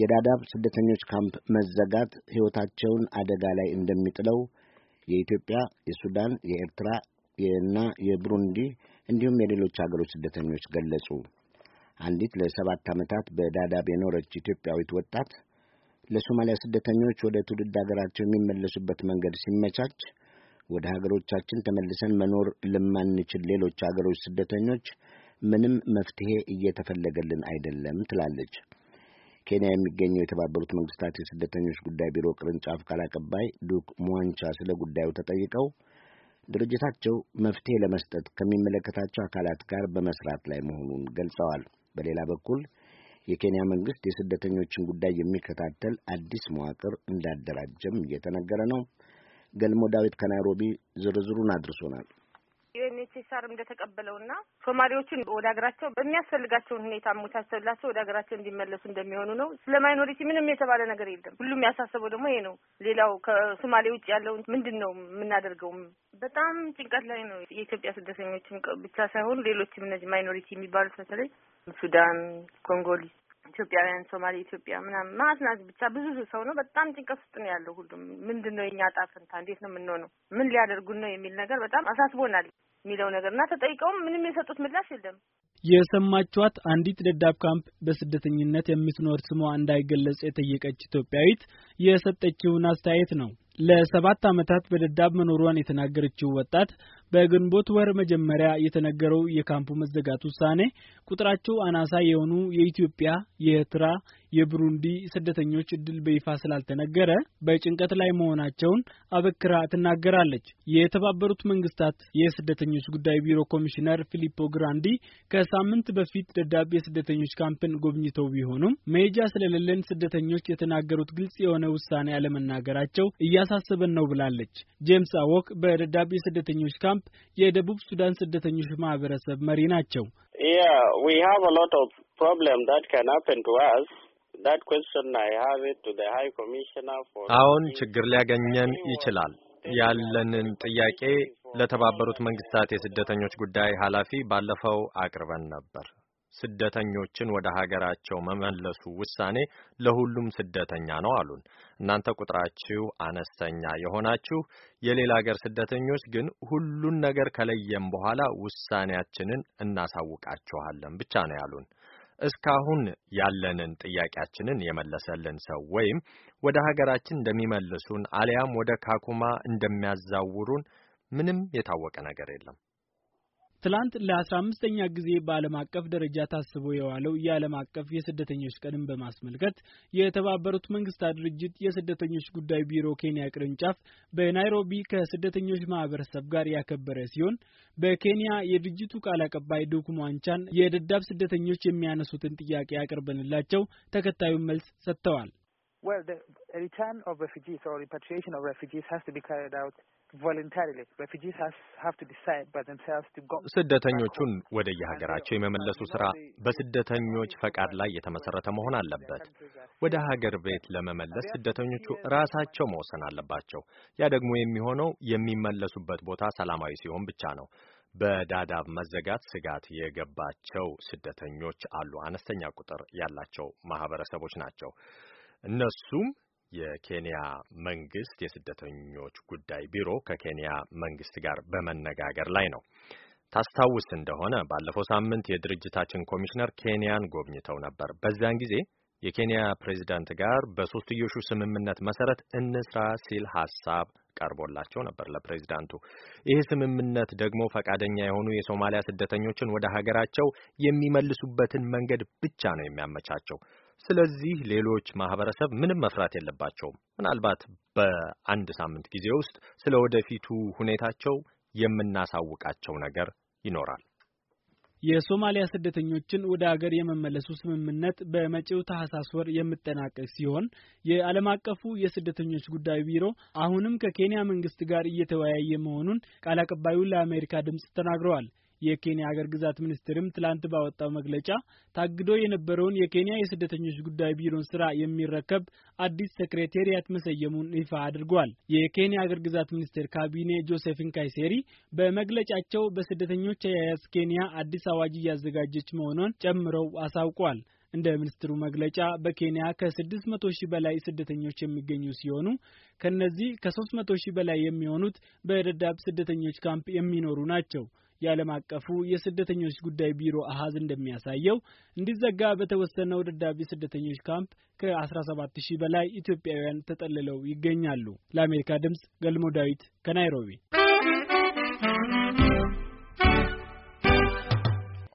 የዳዳብ ስደተኞች ካምፕ መዘጋት ሕይወታቸውን አደጋ ላይ እንደሚጥለው የኢትዮጵያ፣ የሱዳን፣ የኤርትራ እና የብሩንዲ እንዲሁም የሌሎች አገሮች ስደተኞች ገለጹ። አንዲት ለሰባት ዓመታት በዳዳብ የኖረች ኢትዮጵያዊት ወጣት ለሶማሊያ ስደተኞች ወደ ትውልድ አገራቸው የሚመለሱበት መንገድ ሲመቻች ወደ ሀገሮቻችን ተመልሰን መኖር ለማንችል ሌሎች አገሮች ስደተኞች ምንም መፍትሄ እየተፈለገልን አይደለም ትላለች። ኬንያ የሚገኘው የተባበሩት መንግስታት የስደተኞች ጉዳይ ቢሮ ቅርንጫፍ ቃል አቀባይ ዱክ ሞንቻ ስለ ጉዳዩ ተጠይቀው ድርጅታቸው መፍትሄ ለመስጠት ከሚመለከታቸው አካላት ጋር በመስራት ላይ መሆኑን ገልጸዋል። በሌላ በኩል የኬንያ መንግስት የስደተኞችን ጉዳይ የሚከታተል አዲስ መዋቅር እንዳደራጀም እየተነገረ ነው። ገልሞ ዳዊት ከናይሮቢ ዝርዝሩን አድርሶናል። ኤችኤስአር እንደተቀበለውና ሶማሌዎቹን ወደ ሀገራቸው በሚያስፈልጋቸውን ሁኔታ አመቻችተውላቸው ወደ ሀገራቸው እንዲመለሱ እንደሚሆኑ ነው። ስለ ማይኖሪቲ ምንም የተባለ ነገር የለም። ሁሉም ያሳሰበው ደግሞ ይሄ ነው። ሌላው ከሶማሌ ውጭ ያለውን ምንድን ነው የምናደርገው? በጣም ጭንቀት ላይ ነው። የኢትዮጵያ ስደተኞችም ብቻ ሳይሆኑ ሌሎችም እነዚህ ማይኖሪቲ የሚባሉት በተለይ ሱዳን፣ ኮንጎሊ ኢትዮጵያውያን፣ ሶማሌ ኢትዮጵያ ምናምን ማስናት ብቻ ብዙ ሰው ነው። በጣም ጭንቀት ውስጥ ነው ያለው ሁሉም። ምንድን ነው የኛ ዕጣ እንዴት ነው የምንሆነው? ምን ሊያደርጉን ነው የሚል ነገር በጣም አሳስቦናል። የሚለው ነገር እና ተጠይቀውም ምንም የሰጡት ምላሽ የለም። የሰማችኋት አንዲት ደዳብ ካምፕ በስደተኝነት የምትኖር ስሟ እንዳይገለጽ የጠየቀች ኢትዮጵያዊት የሰጠችውን አስተያየት ነው። ለሰባት ዓመታት በደዳብ መኖሯን የተናገረችው ወጣት በግንቦት ወር መጀመሪያ የተነገረው የካምፑ መዘጋት ውሳኔ ቁጥራቸው አናሳ የሆኑ የኢትዮጵያ፣ የኤርትራ፣ የብሩንዲ ስደተኞች እድል በይፋ ስላልተነገረ በጭንቀት ላይ መሆናቸውን አበክራ ትናገራለች። የተባበሩት መንግስታት የስደተኞች ጉዳይ ቢሮ ኮሚሽነር ፊሊፖ ግራንዲ ከሳምንት በፊት ደዳብ የስደተኞች ካምፕን ጎብኝተው ቢሆኑም መሄጃ ስለሌለን ስደተኞች የተናገሩት ግልጽ የሆነ ውሳኔ አለመናገራቸው እያሳሰበን ነው ብላለች። ጄምስ አወክ በደዳብ የስደተኞች ካምፕ ካምፕ የደቡብ ሱዳን ስደተኞች ማህበረሰብ መሪ ናቸው። አሁን ችግር ሊያገኘን ይችላል። ያለንን ጥያቄ ለተባበሩት መንግስታት የስደተኞች ጉዳይ ኃላፊ ባለፈው አቅርበን ነበር። ስደተኞችን ወደ ሀገራቸው መመለሱ ውሳኔ ለሁሉም ስደተኛ ነው አሉን። እናንተ ቁጥራችሁ አነስተኛ የሆናችሁ የሌላ ሀገር ስደተኞች ግን ሁሉን ነገር ከለየም በኋላ ውሳኔያችንን እናሳውቃችኋለን ብቻ ነው ያሉን። እስካሁን ያለንን ጥያቄያችንን የመለሰልን ሰው ወይም ወደ ሀገራችን እንደሚመልሱን አሊያም ወደ ካኩማ እንደሚያዛውሩን ምንም የታወቀ ነገር የለም። ትላንት ለ አምስተኛ ጊዜ በዓለም አቀፍ ደረጃ ታስቦ የዋለው የዓለም አቀፍ የስደተኞች ቀንን በማስመልከት የተባበሩት መንግስታት ድርጅት የስደተኞች ጉዳይ ቢሮ ኬንያ ቅርንጫፍ በናይሮቢ ከስደተኞች ማህበረሰብ ጋር ያከበረ ሲሆን በኬንያ የድርጅቱ ቃል አቀባይ ዱኩ የደዳብ ስደተኞች የሚያነሱትን ጥያቄ ያቀርበንላቸው ተከታዩን መልስ ሰጥተዋል። ስደተኞቹን ወደ የሀገራቸው የመመለሱ ስራ በስደተኞች ፈቃድ ላይ የተመሰረተ መሆን አለበት። ወደ ሀገር ቤት ለመመለስ ስደተኞቹ ራሳቸው መወሰን አለባቸው። ያ ደግሞ የሚሆነው የሚመለሱበት ቦታ ሰላማዊ ሲሆን ብቻ ነው። በዳዳብ መዘጋት ስጋት የገባቸው ስደተኞች አሉ። አነስተኛ ቁጥር ያላቸው ማህበረሰቦች ናቸው። እነሱም የኬንያ መንግስት የስደተኞች ጉዳይ ቢሮ ከኬንያ መንግስት ጋር በመነጋገር ላይ ነው። ታስታውስ እንደሆነ ባለፈው ሳምንት የድርጅታችን ኮሚሽነር ኬንያን ጎብኝተው ነበር። በዚያን ጊዜ የኬንያ ፕሬዚዳንት ጋር በሶስትዮሹ ስምምነት መሰረት እንስራ ሲል ሀሳብ ቀርቦላቸው ነበር ለፕሬዚዳንቱ። ይህ ስምምነት ደግሞ ፈቃደኛ የሆኑ የሶማሊያ ስደተኞችን ወደ ሀገራቸው የሚመልሱበትን መንገድ ብቻ ነው የሚያመቻቸው። ስለዚህ ሌሎች ማህበረሰብ ምንም መፍራት የለባቸውም። ምናልባት በአንድ ሳምንት ጊዜ ውስጥ ስለ ወደፊቱ ሁኔታቸው የምናሳውቃቸው ነገር ይኖራል። የሶማሊያ ስደተኞችን ወደ አገር የመመለሱ ስምምነት በመጪው ታህሳስ ወር የሚጠናቀቅ ሲሆን የዓለም አቀፉ የስደተኞች ጉዳይ ቢሮ አሁንም ከኬንያ መንግስት ጋር እየተወያየ መሆኑን ቃል አቀባዩ ለአሜሪካ ድምጽ ተናግረዋል። የኬንያ አገር ግዛት ሚኒስትርም ትላንት ባወጣው መግለጫ ታግዶ የነበረውን የኬንያ የስደተኞች ጉዳይ ቢሮን ስራ የሚረከብ አዲስ ሴክሬቴሪያት መሰየሙን ይፋ አድርጓል። የኬንያ አገር ግዛት ሚኒስትር ካቢኔ ጆሴፊን ካይሴሪ በመግለጫቸው በስደተኞች አያያዝ ኬንያ አዲስ አዋጅ እያዘጋጀች መሆኗን ጨምረው አሳውቋል። እንደ ሚኒስትሩ መግለጫ በኬንያ ከ600 ሺህ በላይ ስደተኞች የሚገኙ ሲሆኑ ከነዚህ ከ300 ሺህ በላይ የሚሆኑት በደዳብ ስደተኞች ካምፕ የሚኖሩ ናቸው። የዓለም አቀፉ የስደተኞች ጉዳይ ቢሮ አሃዝ እንደሚያሳየው እንዲዘጋ በተወሰነው ደዳቢ ስደተኞች ካምፕ ከ17 ሺህ በላይ ኢትዮጵያውያን ተጠልለው ይገኛሉ። ለአሜሪካ ድምፅ ገልሞ ዳዊት ከናይሮቢ